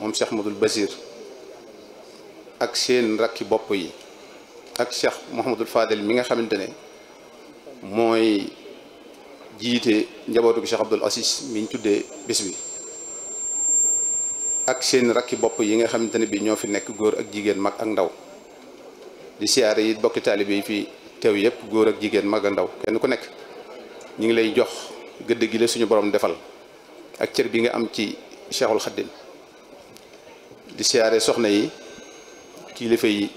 moom Cheikh Modou Basir ak seen rakki bopp yi ak Cheikh Mouhamadul Fadel mi nga xamante ne mooy jiite njabootu Cheikh Abdoul Aziz mi ñu tuddee bés bi ak seen rakki bopp yi nga xamante ne bi ñoo fi nekk góor ak jigéen mag ak ndaw di siyaare yi bokki taalibe yi fi teew yëpp góor ak jigéen mag ak ndaw kenn ku nekk ñu ngi lay jox gëdd gi la suñu borom defal ak cër bi nga am ci Cheikhul Khadim di siyaare soxna yi kilifa yi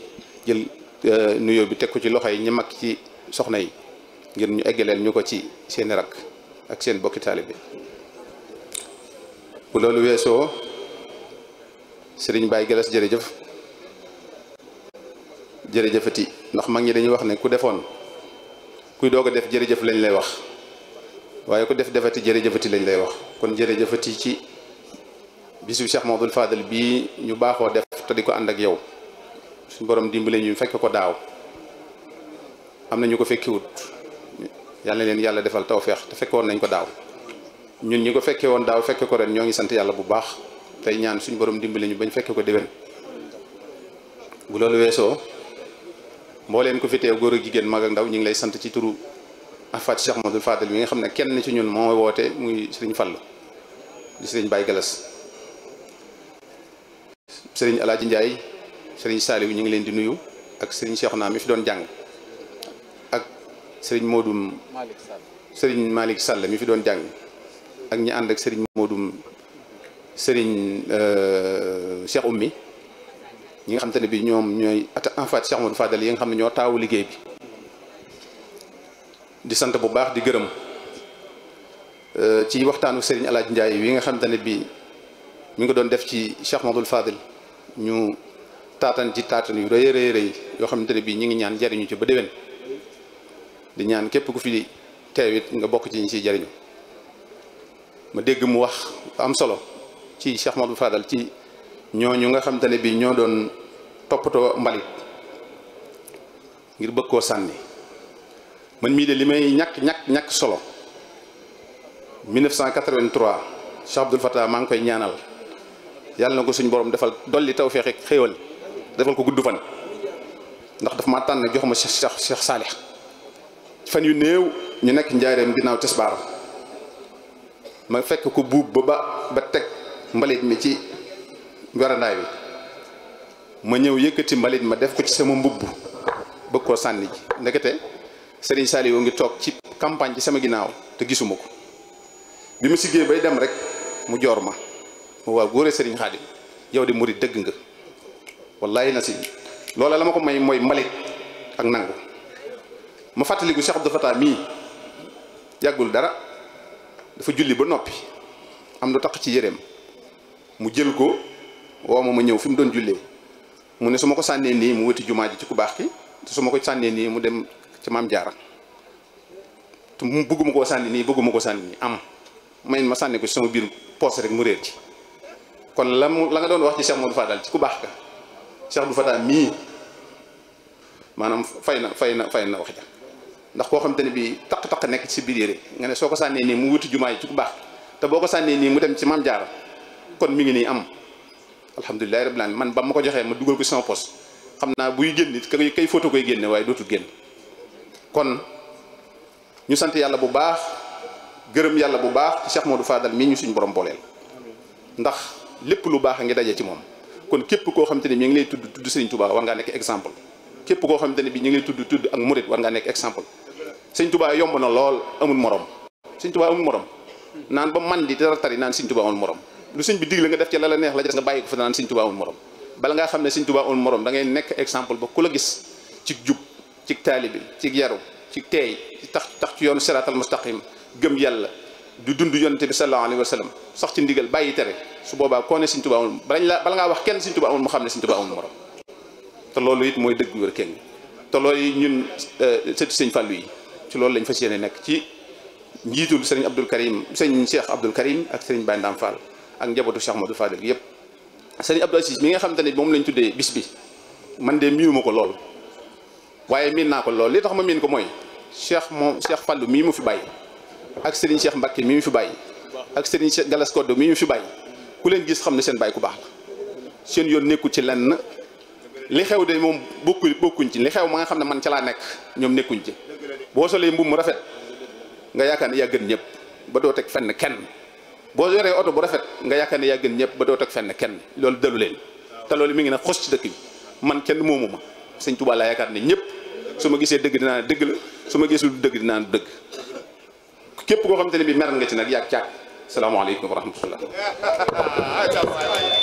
jël euh, nuyoo bi teg ci loxo yi ñu mag ci soxna yi ngir ñu leen ñu ko ci seeni rakk ak seen bokki bi bu loolu weesoo sëriñ Baye Gallas jërëjëf jërëjëfati ndax mag ñi dañuy wax ne ku defoon kuy doog a def jërëjëf lañ lay wax waaye ku def defati jërëjëfati lañ lay wax kon jërëjëfati ci bisu Cheikh Maodul Fadal bii ñu baaxoo def te di ko ànd ak yow suñu borom dimbale ñu fekk ko daaw am na ñu ko fekkiwut yàlla leen yàlla defal tawféex te fekkoon nañ ko daaw ñun ñi ko fekkee woon daaw fekke ko ren ñoo ngi sant yàlla bu baax tey ñaan suñu borom dimbale ñu bañ fekke ko déwén. bu loolu weesoo mbooleem ko fi teew góor ak jigéen mag ndaw ñu ngi lay sant ci turu Afat moo Maodul Fadal bi nga xam ne kenn ci ñun moo woote muy Serigne Fallou di Serigne Baye sëriñ Alaaji Ndiaye sëriñ Saaliw ñu ngi leen di nuyu ak sëriñ naa mi fi doon jàng ak sëriñ Modum sëriñ Malick Sall mi fi doon jàng ak ñi ànd ak sëriñ Modum sëriñ euh, Cheikh Oumy ñi nga xam te ne bi ñoom ñooy at en fait Cheikh Modou yi nga xam ne ñoo taawu liggéey bi di sant bu baax di gërëm euh, ci waxtaanu sëriñ Alaaji Ndiaye wi nga xam te ne bi mu ngi doon def ci Cheikh Modou Fadal ñu taatan ci taatan yu rëy rëy rëy yoo xamante ne bii ñu ngi ñaan jariñu ci ba déwén di ñaan képp ku fi teewit nga bokk ci ñi ciy jariñu ma dégg mu wax am solo ci Cheikh bu Fadal ci ñooñu nga xamante ne bii ñoo doon toppatoo mbalit ngir bëgg koo sànni man mii de li may ñàkk ñàkk ñàkk solo 1983 Cheikh Abdoul Fattah maa ngi koy ñaanal. yàlla na ko suñu borom defal dolli tawféex ak xéewal defal ko gudd fan ndax dafa ma tànn jox ma Cheikh Cheikh Saalix fan yu néew ñu nekk njaareem ginnaaw tisbaar ma fekk ko buub ba ba ba teg mbalit mi ci warandaay bi ma ñëw yëkkati mbalit ma def ko ci sama mbubb bëgg koo sànni ji ndekete Serigne ngi toog ci campagne ci sama ginnaaw te gisuma ko bi ma siggee bay dem rek mu joor ma waaw góore sëriñ xaadim yow di murid dëgg nga wallaay na si loola la ma ko may mooy mbalit ak nangu ma fàttaliku Cheikh Abdou Fatah mii yàggul dara dafa julli ba noppi am lu tax ci yéreem mu jël ko woo ma ma ñëw fi doon jullee mu ne su ma ko sànnee nii mu wëti jumaa ji ci ku baax ki te su ma ko sànnee nii mu dem ci maam jaara te mu bëgguma koo sànni nii bëgguma ko sànni nii am may ma sànni ko ci sama biir poos rek mu réer ci kon la mu la nga doon wax ci Cheikh Modou Fadal ci ku baax ka Cheikh Modou Fadal mii maanaam fay na fay na fay na wax ja ndax koo xam te ne bii taq-taq nekk ci biir yére nga ne soo ko sànnee nii mu wuti jumaay ci ku baax te boo ko sànnee nii mu dem ci maam jaara kon mu ngi nii am alhamdulilahi rabbil alamin man ba mu ko joxee ma dugal ko ci sama poste xam naa buy génn kay kay photo koy génne waaye dootul génn kon ñu sant yàlla bu baax gërëm yàlla bu baax ci Cheikh Modou Fadal mii ñu borom booleel lépp lu baax a ngi daje ci moom kon képp koo xamante ne bi ñu ngi lay tudd tudd Serigne tubaa war ngaa nekk exemple képp koo xamante ne bi ñu ngi lay tudd tudd ak murit war ngaa nekk exemple yomb na lool amul moroom Serigne Touba amul morom naan ba man di dara tari naan Serigne Touba amul morom lu Serigne bi digle nga def ci neex la nga bàyyi ko fa naan Serigne Touba amul morom bala ngaa xam ne Serigne Touba amul morom da ngay nekk exemple ba ku la gis cig jub ci taalibi ci yaru ci teey ci tax tax ci yoonu siraatal mustaqim gëm yàlla du dund yonente bi sallallahu alayhi wa sallam sax ci ndigal bàyyi tere su boobaa koo ne Sëñ Tuubaa amul balañ la bala ngaa wax kenn Sëñ Tuubaa amul mu xam ne Sëñ Tuubaa amul morom te loolu it mooy dëgg wér kenn te loolu yi ñun euh, sëtu sëñ Fallou yi ci loolu lañ fas yéene nekk ci njiitul sëriñ Abdul Karim sëriñ Cheikh Abdul Karim ak sëriñ Baye Ndam Fall ak njabootu Cheikh Modou Fadel gi yëpp sëriñ Abdou Aziz nga xamante ne moom lañ tuddee bis bi man de miinuma ko lool waaye miin naa ko lool li tax ma miin ko mooy Cheikh moom Cheikh Fallou mii mu fi bàyyi ak Serigne Cheikh Mbacke mi mu fi bàyyi ak Serigne Cheikh Galas Kodo mi ñu fi bàyyi ku leen gis xam ne seen bàyyi ku baax la seen yoon nekku ci lenn li xew de moom bokku bokkuñ ci li xew ma nga xam ne man ca laa nekk ñoom nekkuñ ci boo solee mbubb mu rafet nga yaakaar ne yaa gën ñëpp ba doo teg fenn kenn boo yoree oto bu rafet nga yaakaar ne yaa gën ñëpp ba doo teg fenn kenn loolu dalu leen te loolu mi ngi ne xos ci dëkk bi man kenn moomu ma sëñ Tuubaa laa yaakaar ne ñëpp su ma gisee dëgg dinaa dëgg la su ma gisul dëgg dinaa dëgg képp koo xam te ne bi mer nga ci nag yàgg càkk salaamaaleykum wa rahmatullah